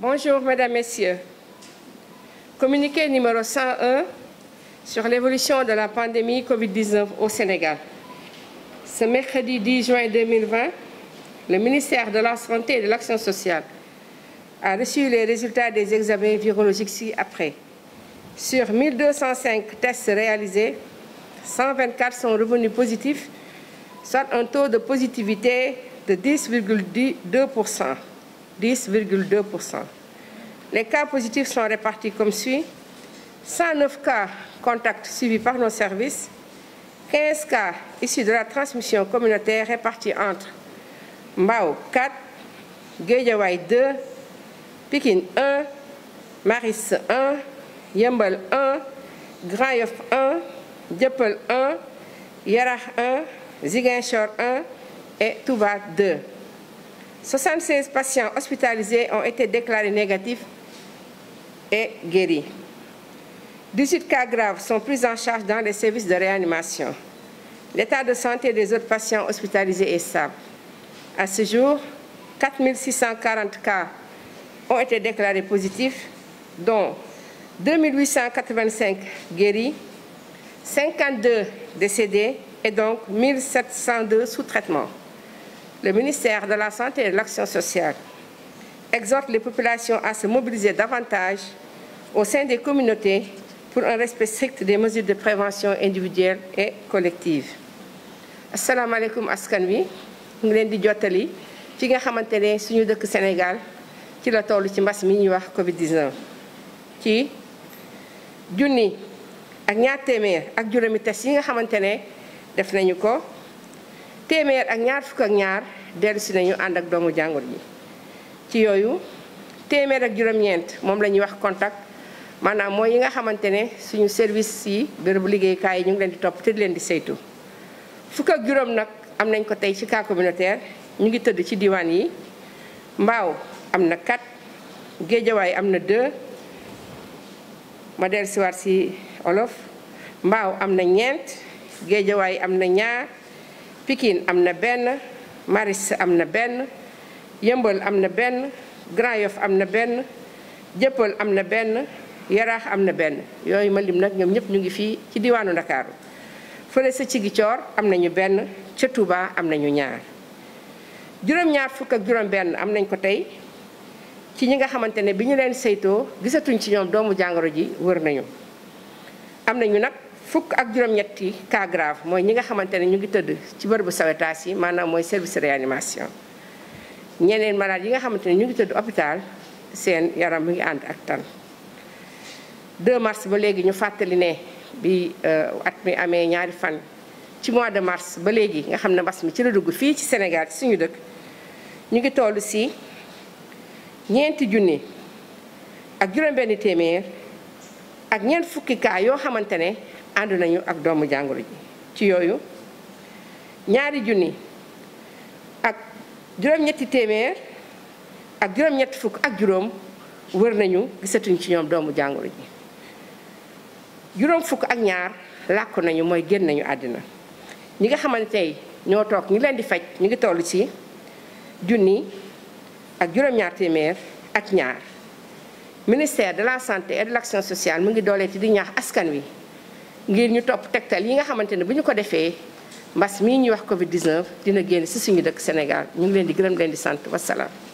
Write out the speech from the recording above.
Bonjour, Mesdames, Messieurs. Communiqué numéro 101 sur l'évolution de la pandémie COVID-19 au Sénégal. Ce mercredi 10 juin 2020, le ministère de la Santé et de l'Action sociale a reçu les résultats des examens virologiques ci-après. Sur 1205 tests réalisés, 124 sont revenus positifs, soit un taux de positivité de 10,2 10,2 Les cas positifs sont répartis comme suit. 109 cas contacts suivis par nos services, 15 cas issus de la transmission communautaire répartis entre Mbao 4, Guédiawaye 2, Pikine 1, Maris 1, Yembel 1, Grand Yoff et Touba 76 patients hospitalisés ont été déclarés négatifs et guéris. 18 cas graves sont pris en charge dans les services de réanimation. L'état de santé des autres patients hospitalisés est stable. À ce jour, 4640 cas ont été déclarés positifs, dont 2885 guéris, 52 décédés et donc 1702 sous traitement. le ministère de la Santé et de l'Action sociale exhorte les populations à se mobiliser davantage au sein des communautés pour un respect strict des mesures de prévention individuelle et collective. asalaamaaleykum askan wi mu ngi leen di jottali fi nga xamante ne suñu dëkk Sénégal ci la toll ci mbas mi ñuy wax Covid 19 ci junni ak ñaar téeméer ak juróomi test yi nga xamante ne def nañu ko. téeméer ak ñaar fukk ak ñaar dellusi nañu ànd ak doomu jàngoor yi ci yooyu téeméer ak juróom-ñeent moom lañuy wax contact maanaam mooy yi nga xamante ne suñu service yi bérébu liggéeykaay yi ñu ngi leen di topp te di leen di saytu fukk ak juróom nag am nañ ko tey ci cas communautaire ñu ngi tëdd ci diwaan yi mbaaw am na 4 géejawaay am na 2 ma dellusiwaat si olof mbaaw am na ñeent géejawaay am na ñaar Pikine am na benn Maris am na benn Yëmbal am na benn Grand Yoff am na benn Jëppal am na benn Yaraax am na benn yooyu ma lim nag ñoom ñëpp ñu ngi fii ci diwaanu Ndakaaru fële sa Ziguinchor am ñu benn ca Touba am nañu ñaar juróom-ñaar fukk ak juróom-benn am nañ ko tey ci ñi nga xamante ne bi ñu leen saytoo gisatuñ ci ñoom doomu jàngoro ji wër nañu am nañu nag fukk ak juróom-ñetti cas grave mooy ñi nga xamante ne ñu ngi tëdd ci bërëbu sawetaas yi maanaam mooy service réanimation ñeneen malade yi nga xamante ne ñu ngi tëdd hôpital seen yaram mu ngi ànd ak tan 2 mars ba léegi ñu fàttali ne bi euh, at mi amee ñaari fan ci mois de mars ba léegi nga xam ne mbas mi ci la dugg fii ci Sénégal ci suñu dëkk ñu ngi toll si ñeenti junni ak juróom-benn téeméer ak ñeent fukki cas yoo xamante ne ànd nañu ak doomu jàngoro ji ci yooyu ñaari junni ak juróom-ñetti ak juróom-ñetti fukk ak juróom wër nañu gisatuñ ci ñoom doomu jàngoro ji juróom fukk ak ñaar làkk nañu mooy génn nañu àddina ñi nga xamante tey ñoo toog ñu leen di faj ñu ngi tollu ci junni ak juróom-ñaar téeméer ak ñaar ministère de la santé et de l'action sociale mu ngi doolee dooleeti di ñaax askan wi ngir ñu topp tegtal yi nga xamante ne bu ñu ko defee mbas mii ñuy wax Covid 19 dina génn ci suñu dëkk Sénégal mu ngi leen di gërëm leen di sant wasalaam.